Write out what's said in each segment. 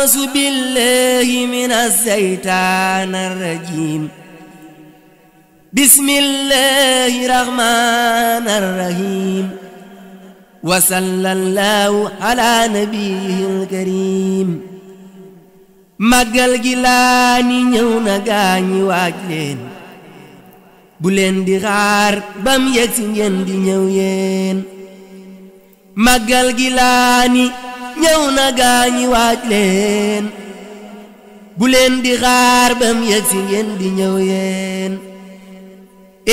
أعوذ بالله من الشيطان الرجيم بسم الله الرحمن الرحيم وصلى الله على نبيه الكريم màggal gi laa ni ñëw na gaañi waaj leen bu leen di xaar bam yegsi ngeen di ñëw yeen màggal gi laa ni ñëw na gaañi waaj leen bu leen di xaar bam yegg si ngeen di ñëw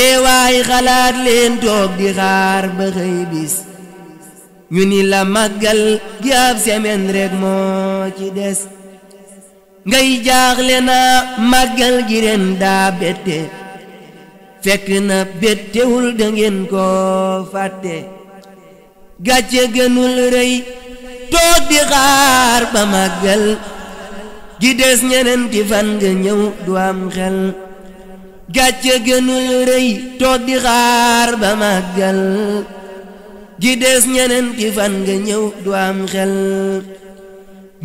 eewaay xalaat leen toog di xaar ba xëy ñu ni la màggal gi ab semaine rek moo ci des ngay jaaxle na màggal gi ren daa bette fekk na bettewul da ngeen ko fàtte gàcce gënul rëy toog di xaar ba màggal gi des ñeneenti fan nga ñëw du am xel gàcce gënul rëy toog xaar ba màggal gi des ñeneenti fan nga ñëw du am xel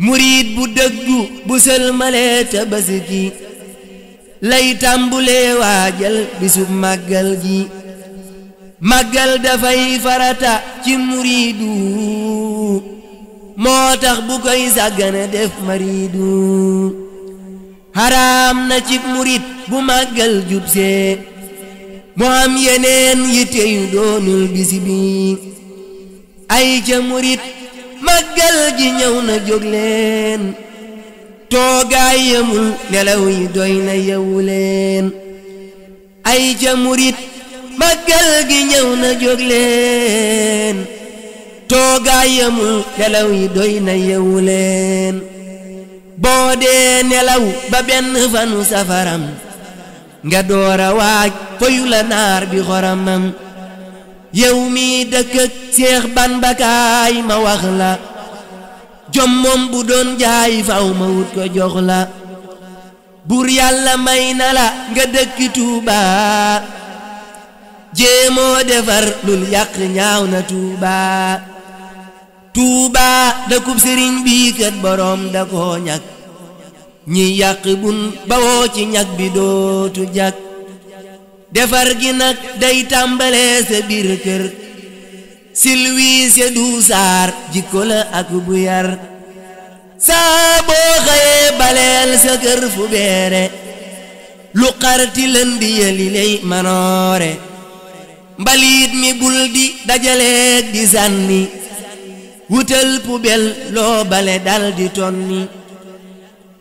muriid bu dëggu bu sëlmalee basiki lay tàmbulee waajal bisub màggal gi màggal dafay farata ci muriidu moo tax bu koy sàggane def mariidu haraam na cib murit bu màggal jubsee mu am yeneen yitte yu doonul bisi ay ca murit màggal gi ñëw na jóg leen toogaay nelaw yi doy na yewu leen ay ca murit màggal gi ñëw na jóg leen toogaayam nelaw yi doy na yeewu leen boo dee nelaw ba benn fanu safaram nga doora waaj foyu la naar bi xoramam yow mi dëkk ak Seex Bamba kaay ma wax la jom bu doon jaay faw ma wut ko jox la buur yàlla may na la nga dëkk Tuuba jéemoo defar lul yàq ñaaw na Tuuba Touba dëkkub sëriñ bi kët boroom da koo ñi yàq bun bawoo ci ñàkk bi dootu jàkk defar gi nag day tàmbalee sa biir kër silwiise du saar ak bu yar saa boo xëyee baleel sa fu beere lu xarti di yëli manoore mbaliit mi bul di di sànni wutal poubelle loo bale dal di tonni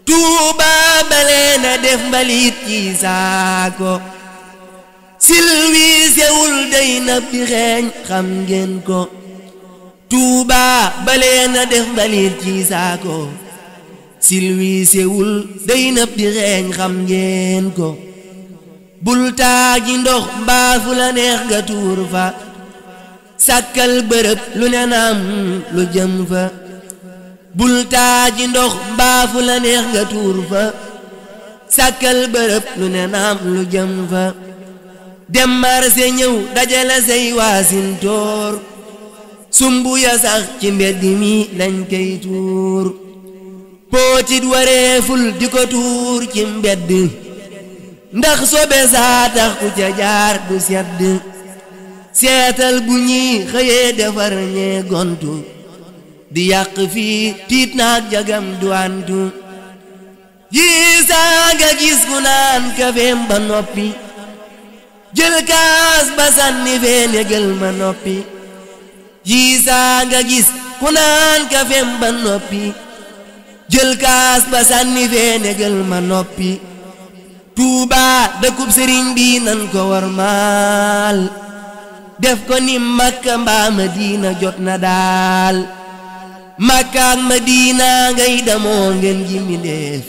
tuuba bale na def mbalit ci saako silwisewul day na bi xeeñ xam ngeen ko tuuba bale na def mbalit ci saako silwisewul day na bi xeeñ xam ngeen ko bul taa ndox mbaa fu la neex nga tuur fa sàkkal bërëb lu ne lu jëm fa bul taaji ndox mbaafu la neex nga tuur fa sàkkal bërëb lu ne lu jëm fa dem marse ñëw dajale say waasintoor sumbu ya sax ci mbedd mi dañ koy tuur pootit wareeful di ko tuur ci mbedd ndax sobe saa ku ca jaar du sedd seetal bu ñuy xëyee defar ñee gontu di yàq fi tiit naag jagam du antu yii saa gis ku naan kafeem ba noppi jël kaas ba sànni fee négal ma noppi yii saa gis ku naan kafeem ba noppi jël kaas ba sànni fee négal ma noppi tuuba dëkkub sëriñ bi nan ko war maal def ko ni makka mbaa madina jot na daal makka ak madina ngay damoo ngeen ji mindeef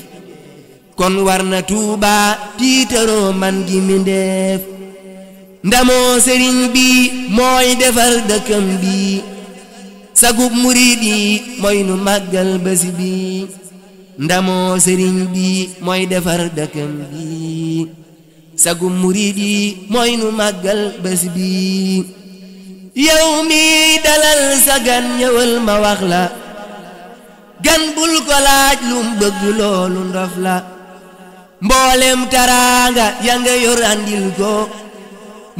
kon war na tuuba tiitaroo man gi mindeef ndamoo sëriñ bi mooy defar dëkkam bi sagub murid yi mooy nu màggal bési bi ndamoo sëriñ bi mooy defar dëkkam bi sagu murid yi mooy nu màggal bés bi yow mi dalal sa gan ñëwal ma wax la gan bul ko laaj lum bëgg loolu ndof la mboolem taraanga ya nga yor ko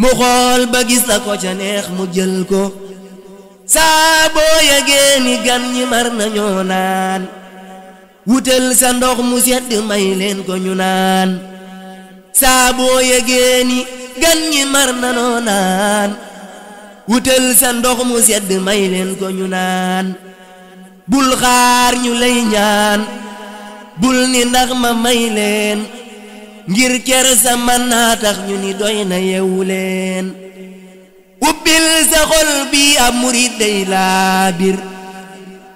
mu xool ba gis la ko ca neex mu jël ko saa boo yëgee ni gan ñi mar nañoo naan wutal sa ndox mu sedd may leen ko ñu naan saa boo yëgee ni gan ñi mar wutal sa ndox mu sedd may leen ko ñu naan bul xaar ñu lay ñaan bul ni ndax ma may leen ngir ker sa man naa tax ñu ni doy na yewu leen ubbil sa xol bi ab murit day laa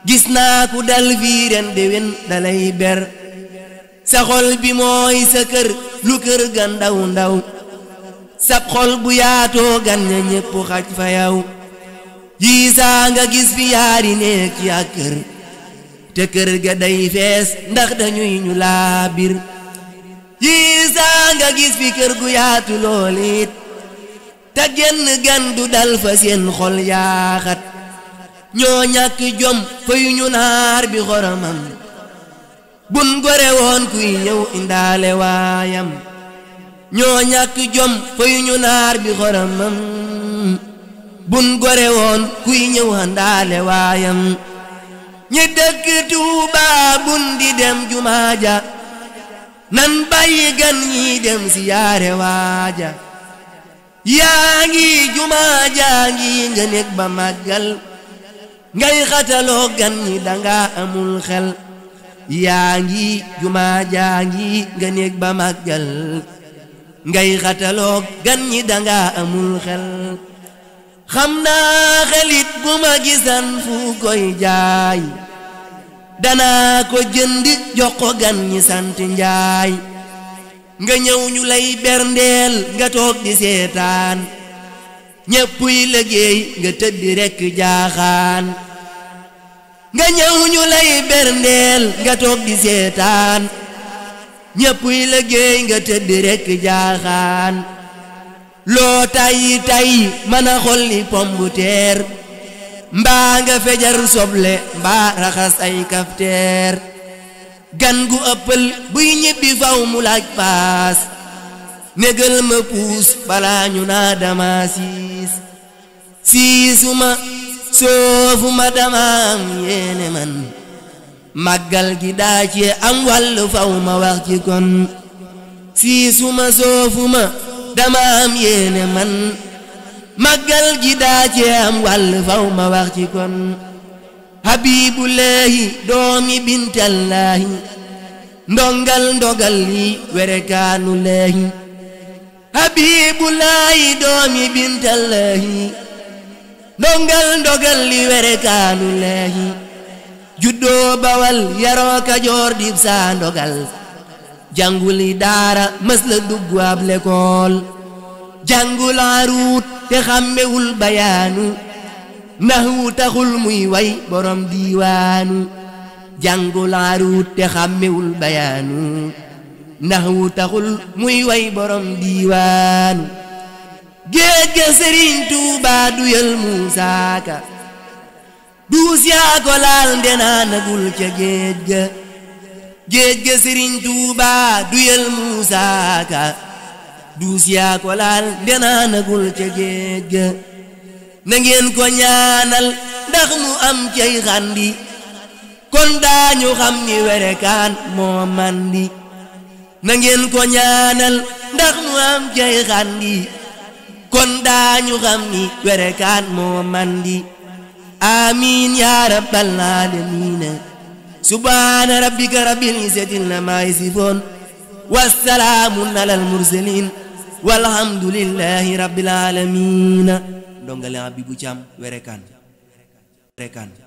gis naa ku dal fii ren déwén dalay ber sa xol bi mooy sa kër lu kër ga ndaw ndaw sab xol bu yaatoo gan ña ñépp xaj fa yaw jiisaa nga gis fi yaari néeg ci kër te kër ga day fees ndax dañuy ñu laa bir jiisaa nga gis fi kër gu yaatu lool it te genn gan du dal fa seen xol yaaxat ñoo ñàkk jom fa yu ñu naar bi xoromam bun gore woon kuy ñëw indaale waayam ñoo ñàkk jom fayuñu naar bi xoromam bun gore woon kuy ñëw ndaale waayam ñi dëkk Tuuba bun di dem jumaaja nan bàyyi gan ñi dem siyaare waaja yaa ngi jumaajaa ngi nga nekk ba màggal ngay xataloo gan ñi danga amul xel yaa ngi jumaa jaa ngi nga néeg ba màggal ngay xataloog gan ñi danga amul xel xam naa xelit bu ma gisan fu koy jaay danaa ko jënd jox gan ñi sant njaay nga ñëw ñu lay berndeel nga toog di seetaan ñéppuy liggéey nga tëdd rekk jaaxaan nga ñëw ñu lay berndeel nga toog di seetaan ñëpp liggéey nga tëdd rekk jaaxaan loo tayyi tayyi mën a xolli pombuteer mbaa nga fejar soble mbaa raxas ay kafteer gan gu ëppal buy ñibbi faw mu laaj paas négal ma puus balaa ñu naa dama siis siisuma soofu ma damaam yéene man màggal gi am wàllu faw ma kon siisu ma soofu ma damaam man màggal gi daa ci am wàllu faw ma kon habibullahi doomi bintallahi ndongal ndogal li werekaanu lahi doomi bintallahi ndongal ndogal li were kaanu leehi juddoo bawal yaroo kajoor dib saa ndogal jànguli daara mës la ab lekool jàngul aruut te xàmmewul bayaanu naxwu taxul muy way borom diiwaanu jàngul aruut te xàmmewul bayaanu naxwu taxul muy way borom diiwaanu géej ga sëriñ Tuuba duyal Muusaa Ka duus yaa ko laal ndenaa nagul ca géej ga géej ga sëriñ Tuuba duyal Muusaa Ka duus yaa ko laal ndenaa géej ga na ngeen ko ñaanal ndax mu am cay xandi kon daañu xam ni werekaan moo mandi ko ñaanal ndax mu am cay xandi kon daañu xam ni werekaan moo mandi amiin yaa rabbal aalamiina subhaana rabbika rabbil izzati ammaa yasifuun wasalaamun alal mursaliin walhamdulillaahi rabbil aalamiina ndongale Habibou Thiam werekaan werekaan